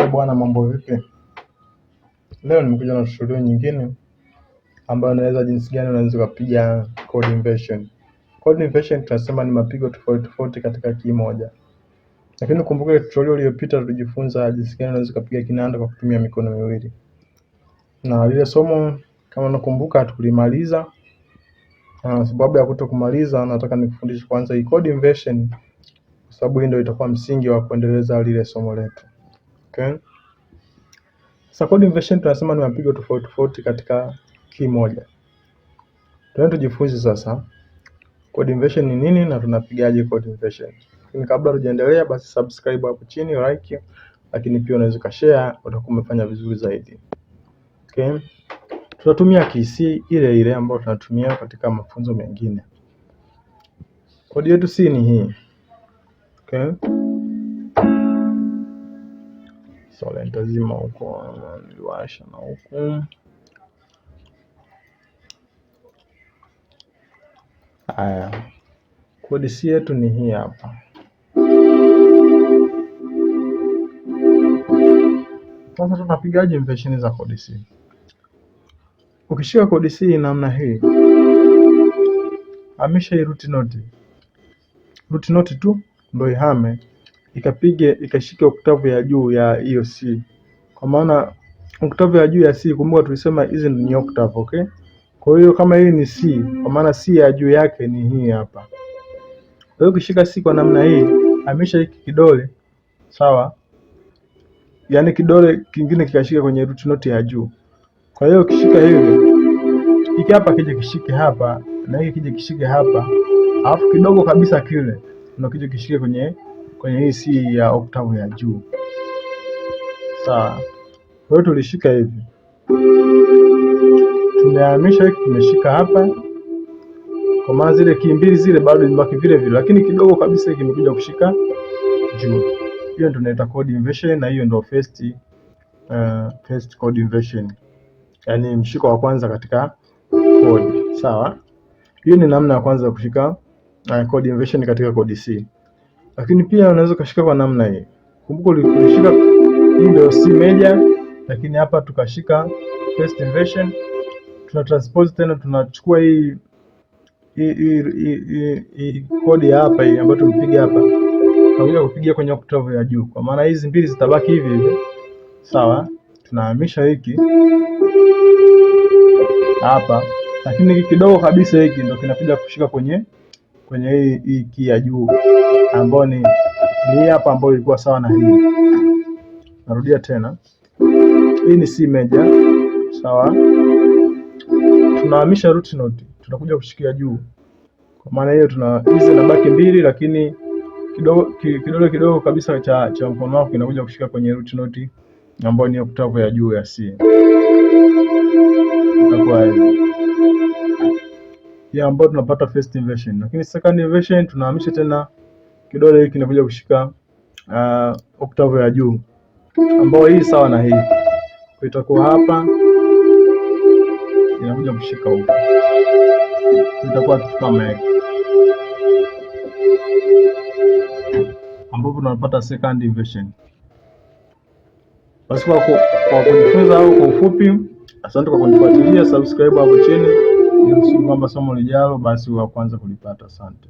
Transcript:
Hey bwana, mambo vipi? Leo nimekuja na tutorial nyingine ambayo naweza jinsi gani unaweza kupiga code inversion. Code inversion tunasema ni mapigo tofauti tofauti katika kimoja, lakini kumbuka tutorial iliyopita tulijifunza jinsi gani unaweza kupiga kinanda kwa kutumia mikono miwili, na lile somo kama unakumbuka tulimaliza. Uh, sababu ya kutokumaliza nataka nikufundishe kwanza hii code inversion, sababu hii ndio itakuwa msingi wa kuendeleza lile somo letu. Okay. Sasa code inversion tunasema ni mapigo tofauti tofauti katika key moja. Tunaenda tujifunze sasa code inversion ni nini na tunapigaje code inversion. Lakini kabla tujaendelea, basi subscribe hapo chini, like, lakini pia unaweza ukashare, utakuwa umefanya vizuri zaidi. Okay. Tunatumia KC ile ile ambayo tunatumia katika mafunzo mengine. Kodi yetu C ni hii. Okay sola nitazima huko, niliwasha na huku. Haya, kodi si yetu ni hii hapa. Sasa tunapigaje version za kodi si? Ukishika kodi si namna hii, hamisha hii root note, root note tu ndio ihame ikapige ikashike oktavu ya juu ya hiyo C. Kwa maana oktavu ya juu ya C, kumbuka tulisema hizi ni octave, okay? Kwa hiyo kama hii ni C, kwa maana C ya juu yake ni hii hapa. Kwa hiyo ukishika C kwa namna hii, hamisha hiki kidole sawa, yaani kidole kingine kikashika kwenye root note ya juu. Kwa hiyo ukishika hivi, hiki hapa kije kishike hapa na hiki kije kishike hapa, alafu kidogo kabisa kile ndio kije kishike kwenye kwenye hii C ya octave ya juu. Sawa, kwa hiyo tulishika hivi, tumehamisha hiki, tumeshika hapa, kwa maana zile kii mbili zile bado zimebaki vile vile, lakini kidogo kabisa kimekuja kushika juu. Hiyo ndio inaitwa chord inversion, na hiyo ndio first, uh, first chord inversion, yaani mshiko wa kwanza katika chord. Sawa, hiyo ni namna ya kwanza ya kushika uh, chord inversion katika chord C. Lakini pia unaweza ukashika kwa namna hii. Kumbuka ulishika hii ndio C major, lakini hapa tukashika first inversion, tuna transpose tena, tunachukua hii hii kodi hapa hii ambayo tumepiga hapa tunakuja kupiga kwenye octave ya juu, kwa maana hizi mbili zitabaki hivi hivi, sawa. Tunahamisha hiki hapa, lakini kidogo kabisa hiki ndio kinakuja kushika kwenye kwenye hii hii ya juu ambao ni hii hapa, ambayo ilikuwa sawa na hii. Narudia tena, hii ni C meja, sawa. Tunahamisha root note, tunakuja kushikia juu. Kwa maana hiyo, tuna hizi baki mbili, lakini kidogo kidogo kidogo kabisa cha cha mkono wako kinakuja kushika kwenye root note ambayo ni octave ya juu ya C. Itakuwa hivi ya ambayo tunapata first inversion, lakini second inversion tunahamisha tena kidole hiki kinakuja kushika uh, octave ya juu ambayo hii sawa na hii, itakuwa hapa inakuja kushika huko, itakuwa kitu kama hiki, ambapo tunapata second inversion. Basi kwa kujifunza au kwa ufupi, asante kwa kunifuatilia, subscribe hapo chini ili kwamba somo lijalo basi wa kwanza kulipata. Asante.